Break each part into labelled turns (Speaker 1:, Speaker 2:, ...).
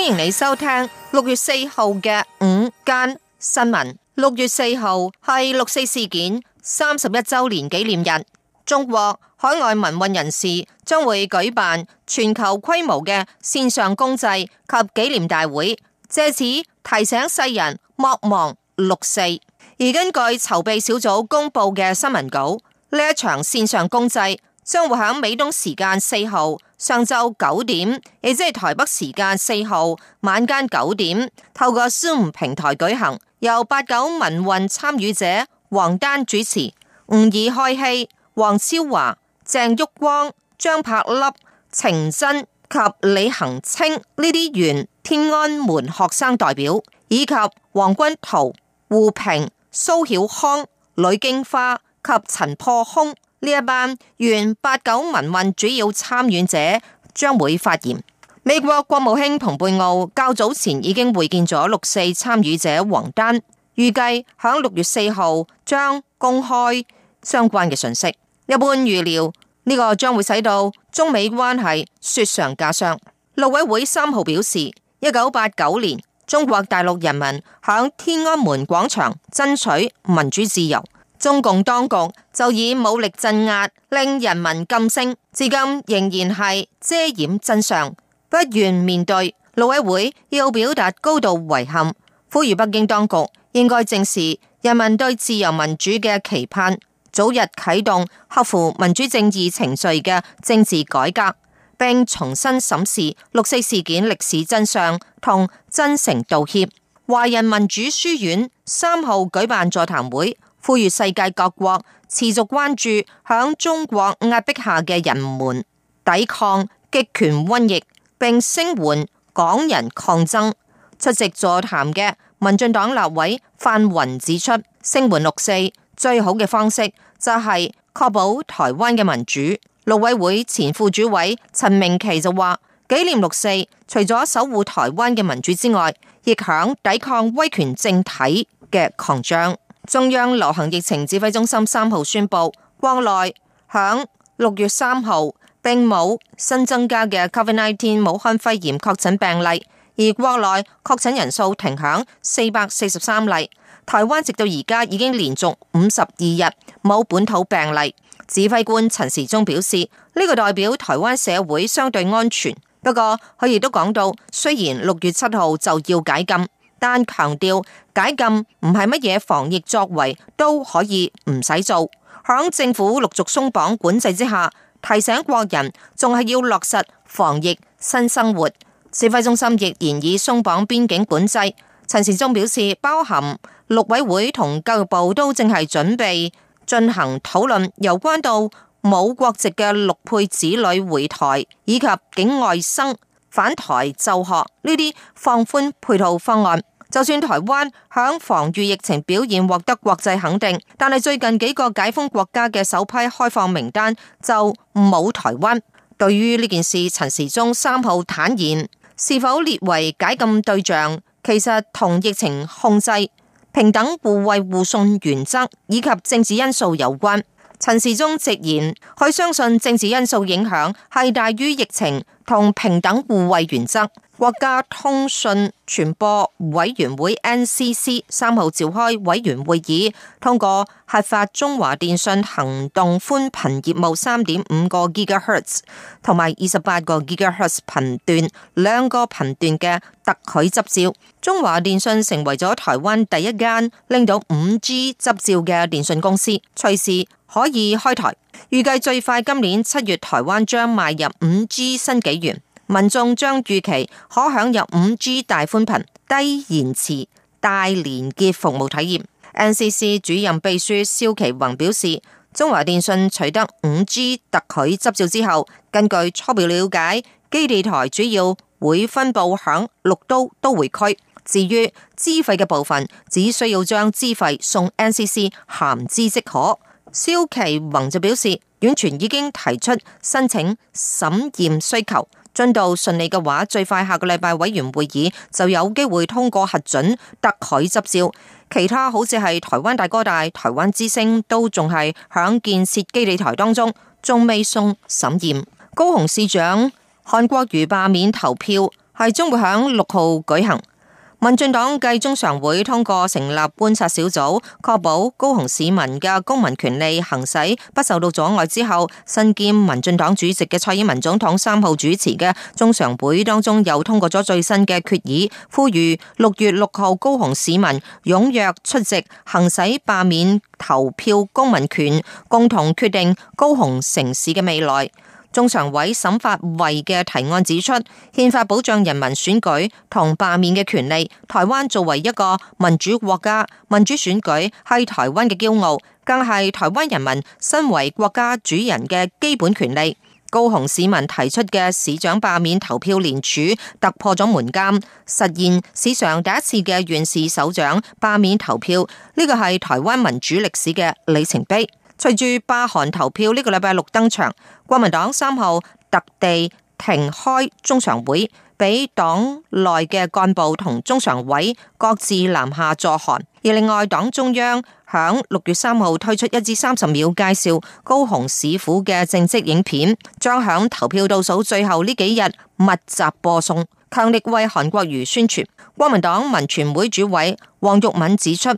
Speaker 1: 歡迎你收聽六月四號嘅午間新聞。六月四號係六四事件三十一週年紀念日，中國海外民運人士將會舉辦全球規模嘅線上公祭及紀念大會，借此提醒世人莫忘六四。而根據籌備小組公布嘅新聞稿，呢一場線上公祭將會響美東時間四號。上晝九點，也即係台北時間四號晚間九點，透過 Zoom 平台舉行，由八九民運參與者王丹主持，吾爾開希、王超華、鄭旭光、張伯笠、程真及李恒清呢啲原天安門學生代表，以及王軍濤、胡平、蘇曉康、呂京花及陳破空。呢一班原八九民運主要參與者將會發言。美國國務卿蓬佩奧較早前已經會見咗六四參與者王丹，預計響六月四號將公開相關嘅信息。一般預料呢個將會使到中美關係雪上加霜。陸委會三號表示，一九八九年中國大陸人民響天安門廣場爭取民主自由。中共當局就以武力鎮壓令人民噤聲，至今仍然係遮掩真相，不願面對。陸委會要表達高度遺憾，呼籲北京當局應該正視人民對自由民主嘅期盼，早日啟動合乎民主正義程序嘅政治改革，並重新審視六四事件歷史真相，同真誠道歉。華人民主書院三號舉辦座談會。呼籲世界各國持續關注響中國壓迫下嘅人們抵抗極權瘟疫，並聲援港人抗爭。出席座談嘅民進黨立委范雲指出，聲援六四最好嘅方式就係確保台灣嘅民主。陸委會前副主委陳明奇就話，紀念六四除咗守護台灣嘅民主之外，亦響抵抗威權政體嘅擴張。中央流行疫情指揮中心三號宣布，國內響六月三號並冇新增加嘅 Covid-19 武漢肺炎確診病例，而國內確診人數停響四百四十三例。台灣直到而家已經連續五十二日冇本土病例。指揮官陳時中表示，呢個代表台灣社會相對安全。不過，佢亦都講到，雖然六月七號就要解禁。但強調解禁唔係乜嘢防疫作為都可以唔使做，響政府陸續鬆綁管制之下，提醒國人仲係要落實防疫新生活。指揮中心亦然已鬆綁邊境管制。陳時中表示，包含陸委會同教育部都正係準備進行討論，有關到冇國籍嘅陸配子女回台，以及境外生返台就學呢啲放寬配套方案。就算台灣響防禦疫情表現獲得國際肯定，但係最近幾個解封國家嘅首批開放名單就冇台灣。對於呢件事，陳時中三號坦言，是否列為解禁對象，其實同疫情控制、平等互惠互信原則以及政治因素有關。陳世忠→直言，佢相信政治因素影響係大於疫情同平等互惠原則。國家通訊傳播委員會 NCC 三號召開委員會議，通過核發中華電信行動寬頻業務三點五個 Gigahertz 同埋二十八個 Gigahertz 頻段兩個頻段嘅特許執照。中華電信成為咗台灣第一間拎到五 G 執照嘅電信公司。趣事。可以開台，預計最快今年七月台灣將邁入 5G 新紀元，民眾將預期可享有 5G 大寬頻、低延遲、大連結服務體驗。NCC 主任秘書蕭其宏表示，中華電信取得 5G 特許執照之後，根據初步了解，基地台主要會分布響六都都會區，至於資費嘅部分，只需要將資費送 NCC 鹹資即可。肖其宏就表示，遠傳已經提出申請審驗需求，進度順利嘅話，最快下個禮拜委員會議就有機會通過核准特許執照。其他好似係台灣大哥大、台灣之星，都仲係響建設基地台當中，仲未送審驗。高雄市長韓國瑜罷免投票係將會響六號舉行。民進黨繼中常會通過成立觀察小組，確保高雄市民嘅公民權利行使不受到阻礙之後，身兼民進黨主席嘅蔡英文總統三號主持嘅中常會當中，又通過咗最新嘅決議，呼籲六月六號高雄市民踴躍出席，行使罷免投票公民權，共同決定高雄城市嘅未來。中常委、審法委嘅提案指出，憲法保障人民選舉同罷免嘅權利。台灣作為一個民主國家，民主選舉係台灣嘅驕傲，更係台灣人民身為國家主人嘅基本權利。高雄市民提出嘅市長罷免投票連署突破咗門檻，實現史上第一次嘅院士首長罷免投票，呢個係台灣民主歷史嘅里程碑。隨住罷韓投票呢、這個禮拜六登場，國民黨三號特地停開中常會，俾黨內嘅幹部同中常委各自南下助韓。而另外，黨中央響六月三號推出一至三十秒介紹高雄市府嘅政績影片，將響投票倒數最後呢幾日密集播送，強力為韓國瑜宣傳。國民黨文傳會主委黃玉敏指出。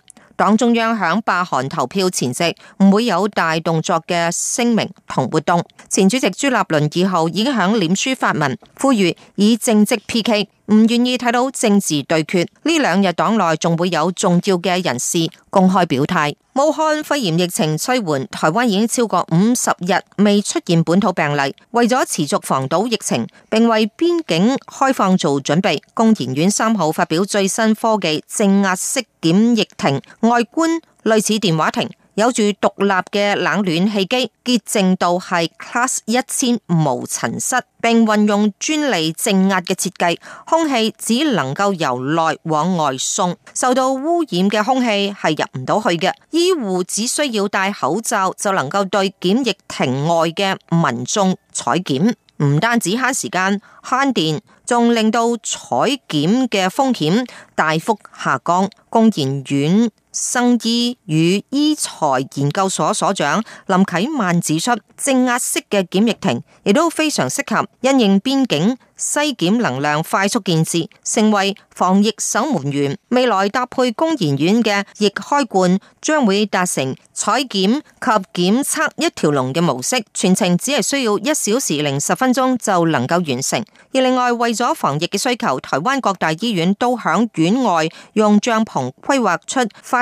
Speaker 1: 黨中央響罷韓投票前夕，唔會有大動作嘅聲明同活動。前主席朱立倫二號已經響臉書發文呼籲，以政績 P K。唔願意睇到政治對決，呢兩日黨內仲會有重要嘅人士公開表態。武漢肺炎疫情趨緩，台灣已經超過五十日未出現本土病例，為咗持續防堵疫情，並為邊境開放做準備。工研院三號發表最新科技正壓式檢疫亭，外觀類似電話亭。有住獨立嘅冷暖氣機，潔淨度係 Class 一千無塵室，並運用專利正壓嘅設計，空氣只能夠由內往外送，受到污染嘅空氣係入唔到去嘅。醫護只需要戴口罩，就能夠對檢疫亭外嘅民眾採檢，唔單止慳時間、慳電，仲令到採檢嘅風險大幅下降。工研院。生與醫與醫材研究所所長林啟萬指出，正壓式嘅檢疫亭亦都非常適合因應邊境篩檢能量快速建設，成為防疫守門員。未來搭配工研院嘅疫開罐，將會達成採檢及檢測一條龍嘅模式，全程只係需要一小時零十分鐘就能夠完成。而另外為咗防疫嘅需求，台灣各大醫院都響院外用帳篷規劃出快。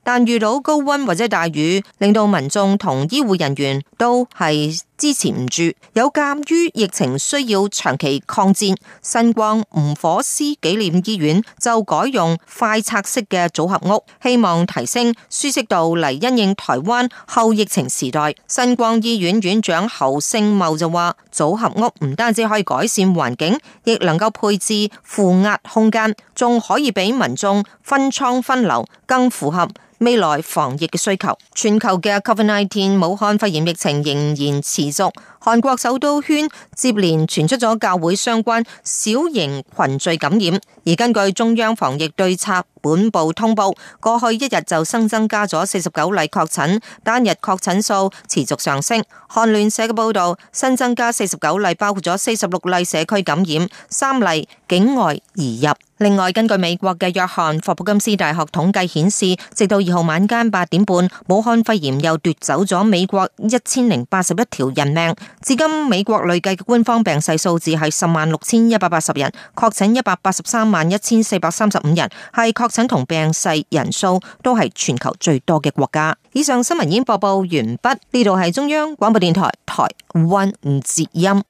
Speaker 1: 但遇到高溫或者大雨，令到民眾同醫護人員都係支持唔住。有鑒於疫情需要長期抗戰，新光吳火獅紀念醫院就改用快拆式嘅組合屋，希望提升舒適度嚟因應台灣後疫情時代。新光醫院院長侯勝茂就話，組合屋唔單止可以改善環境，亦能夠配置負壓空間，仲可以俾民眾分倉分流，更符合。未來防疫嘅需求，全球嘅 Covid-19 武漢肺炎疫情仍然持續。韓國首都圈接連傳出咗教會相關小型群聚感染，而根據中央防疫對策本部通報，過去一日就新增加咗四十九例確診，單日確診數持續上升。韓聯社嘅報道，新增加四十九例，包括咗四十六例社區感染，三例境外移入。另外，根據美國嘅約翰霍普金斯大學統計顯示，直到二號晚間八點半，武漢肺炎又奪走咗美國一千零八十一條人命。至今美國累計嘅官方病逝數字係十萬六千一百八十人，確診一百八十三萬一千四百三十五人，係確診同病逝人數都係全球最多嘅國家。以上新聞已經播報完畢，呢度係中央廣播電台台灣吳捷音。